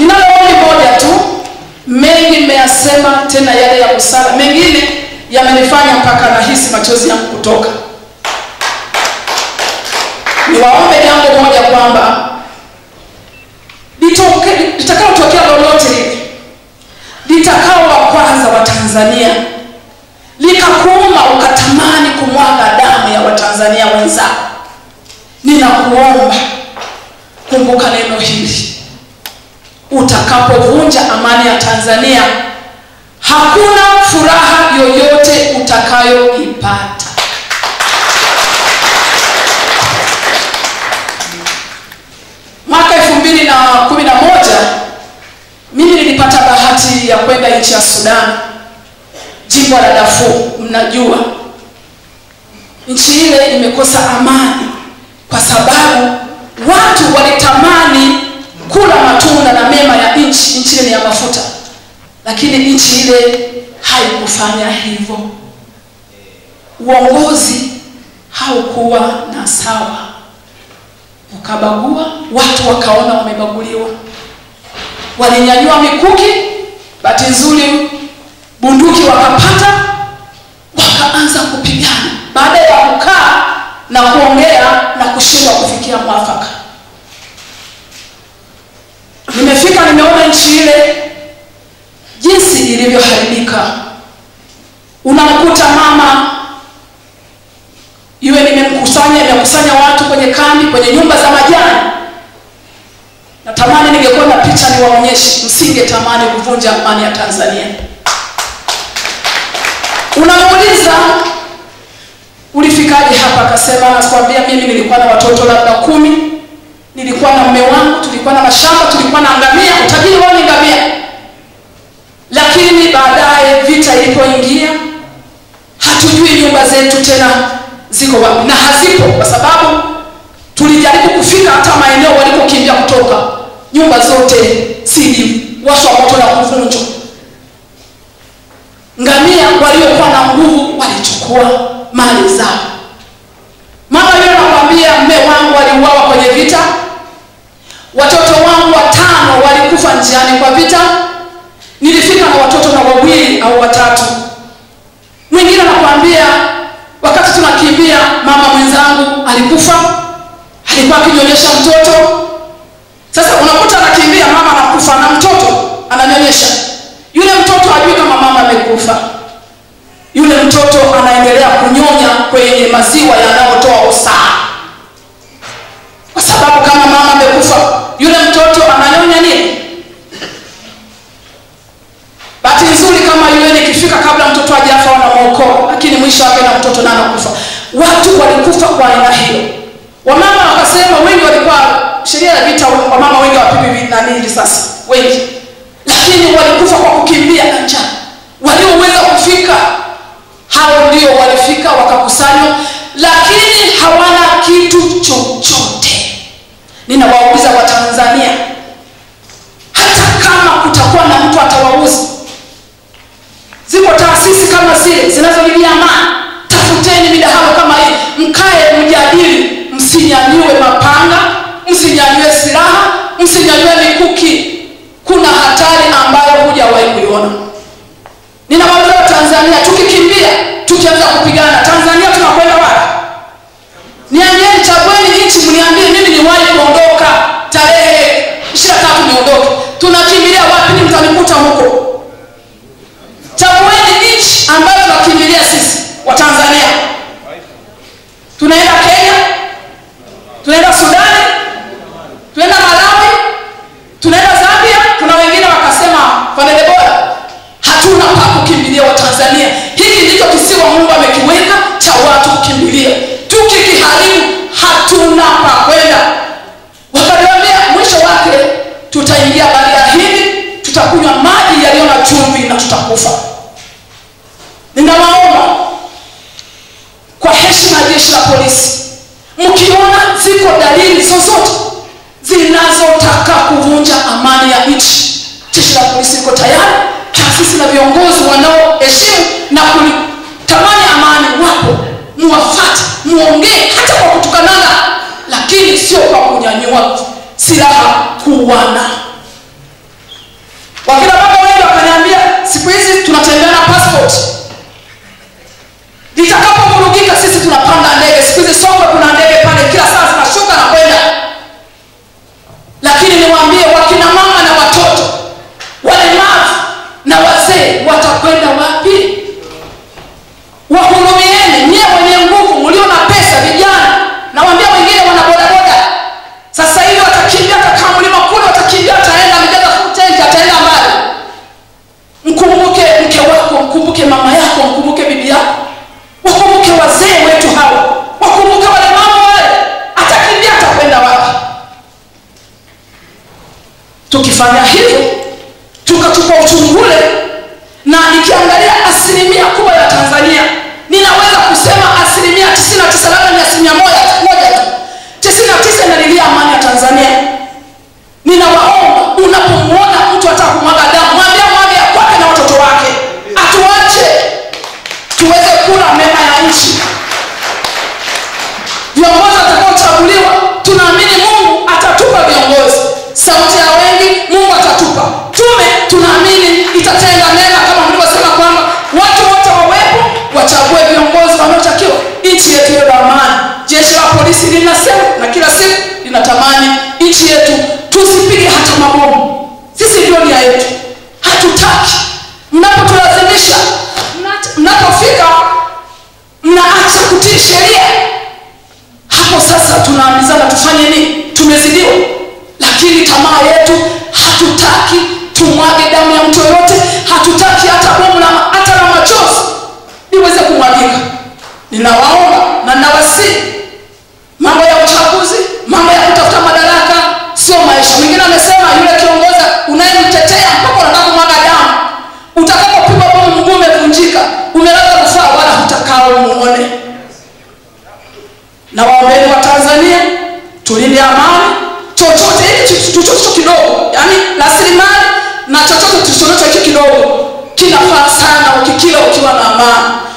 ninaloni moja tu, mengi mmeyasema, tena yale ya kusala mengine yamenifanya mpaka nahisi machozi yangu kutoka. Niwaombe jambo moja kwamba litakaotokea lolote hili litakao wa kwanza wa Tanzania likakuuma ukatamani kumwaga damu ya Watanzania wenzao, ninakuomba kumbuka neno hili utakapovunja amani ya Tanzania, hakuna furaha yoyote utakayoipata. Mwaka elfu mbili na kumi na moja mimi nilipata bahati ya kwenda nchi ya Sudan, jimbo la Darfur. Mnajua nchi ile imekosa amani lakini nchi ile haikufanya hivyo uongozi haukuwa na sawa ukabagua watu wakaona wamebaguliwa walinyanyua mikuki bahati nzuri bunduki wakapata wakaanza kupigana baada ya kukaa na kuongea na kushindwa kufikia mwafaka nimefika nimeona nchi ile jinsi ilivyoharibika unamkuta mama iwe nimemkusanya nimekusanya watu kwenye kambi kwenye nyumba za majani natamani ningekuwa na picha niwaonyeshe tamani kuvunja amani ya tanzania unamuuliza ulifikaje hapa akasema nakwambia mimi nilikuwa na watoto labda kumi nilikuwa na mume wangu tulikuwa na mashamba tulikuwa na ngamia utajiri wao ni ngamia lakini baadaye vita ilipoingia hatujui nyumba zetu tena ziko wapi na hazipo kwa sababu tulijaribu kufika hata maeneo walipokimbia kutoka nyumba zote sili washwa moto na kuvunjwa ngamia waliokuwa na nguvu walichukua mali zao mama yule anakwambia mme wangu waliuawa kwenye vita watoto wangu watano walikufa njiani kwa vita nilifika na watoto na wawili au watatu mwingine anakwambia wakati tunakimbia mama mwenzangu alikufa alikuwa akinyonyesha mtoto sasa unakuta anakimbia mama anakufa na mtoto ananyonyesha yule mtoto ajui kama mama amekufa yule mtoto anaendelea kunyonya kwenye maziwa yanayotoa usaa mlisha wake na mtoto na anakufa watu walikufa kwa aina hiyo wamama wakasema wengi walikuwa sheria ya vita wamama wengi wapigwi nani risasi wengi lakini walikufa kwa kukimbia na njaa walioweza kufika hao ndio walifika wakakusanywa lakini hawana kitu chochote ninawa taasisi kama zile zinazolimia amani, tafuteni midahalo kama hii, mkae mjadili, msinyanyue mapanga, msinyanyue silaha, msinyanyue mikuki. Kuna hatari ambayo hujawahi kuiona. Ninawaambia tanzania tukikimbia, tukianza kupigana, Tanzania tunakwenda wapi? Niambieni, chagueni nchi, mniambie mimi wa Tanzania. Tunaenda Kenya, tunaenda Sudani, tunaenda Malawi, tunaenda Zambia. Kuna wengine wakasema Vanelebora, hatuna pa kukimbilia Watanzania. Hiki ndicho kisiwa Mungu ame jeshi la polisi mkiona ziko dalili zozote zinazotaka kuvunja amani ya nchi jeshi la polisi liko tayari taasisi na viongozi wanaoheshimu na kulitamani amani wapo muwafate muongee hata kwa kutukanana lakini sio kwa kunyanyua silaha kuwana wakina baba wengi wakaniambia siku hizi tunatembea na passport the song. of hivyo tukachukua uchumi ule na nikiangalia asilimia kubwa ya tanzania ninaweza kusema asilimia 99 labda ni asilimia moja moja tu 99 inalilia amani ya tanzania ninawaomba unapomwona mtu hata kumwaga damu sisi linasema na kila siku linatamani nchi yetu tusipige hata mabomu. Sisi ndio nia yetu, hatutaki mnapotulazimisha, mnapofika mnaacha kutii sheria, hapo sasa tunaambizana tufanye nini? Tumezidiwa, lakini tamaa yetu hatutaki kulinda amani chochote hiki kidogo yani rasilimali na chochote tulichonacho hiki kidogo kinafaa sana ukikila ukiwa na amani